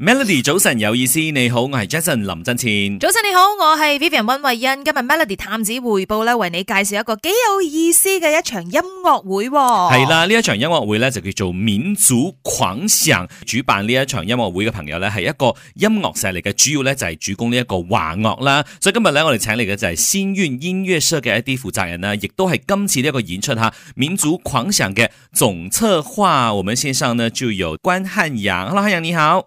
Melody 早晨有意思，你好，我係 Jason 林振前。早晨你好，我係 Vivian 溫慧欣。今日 Melody 探子回報咧，為你介紹一個幾有意思嘅一場音樂會。係啦，呢一場音樂會咧就叫做《民族狂想》。主辦呢一場音樂會嘅朋友咧係一個音樂勢力嘅主要咧就係主攻呢一個華樂啦。所以今日咧我哋請嚟嘅就係新韻音樂社嘅一啲負責人啦，亦都係今次呢一個演出吓民族狂想嘅總策劃。我們線上呢就有關漢陽，Hello 漢陽你好。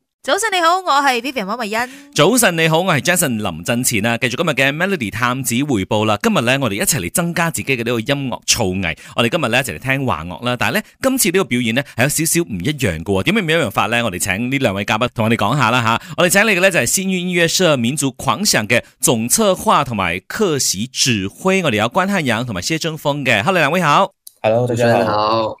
早晨你好，我係 Vivian 馬維恩。早晨你好，我係 Jason 林振前啊！繼續今日嘅 Melody 探子回報啦。今日咧，我哋一齊嚟增加自己嘅呢個音樂造詣。我哋今日咧一齊嚟聽華樂啦。但係咧，今次呢個表演咧係有少少唔一樣嘅。點解唔一樣法咧？我哋請呢兩位嘉賓同我哋講下啦吓。我哋請嚟嘅咧就係新韻音樂社民族狂想嘅總策劃同埋客席指揮，我哋有關漢陽同埋謝中峰嘅。Hello 兩位好，Hello 大家好。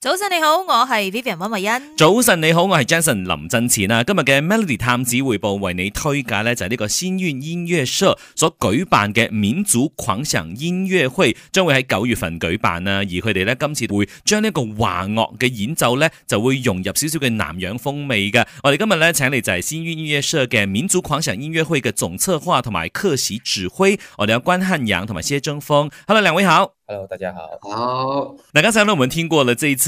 早晨你好，我係 Vivian 溫慧欣。早晨你好，我係 Jenson 林振前啊。今日嘅 Melody 探子回報為你推介呢，就係呢個新韻音樂社所舉辦嘅民族狂想音樂會，將會喺九月份舉辦啊。而佢哋呢，今次會將呢個華樂嘅演奏呢，就會融入少少嘅南洋風味嘅。我哋今日呢，請嚟就係新韻音樂社嘅民族狂想音樂會嘅總策劃同埋客席指揮，我哋有關漢陽同埋謝爭鋒。Hello，兩位好。Hello，大家好。好。嗱剛才呢，我們聽過了這次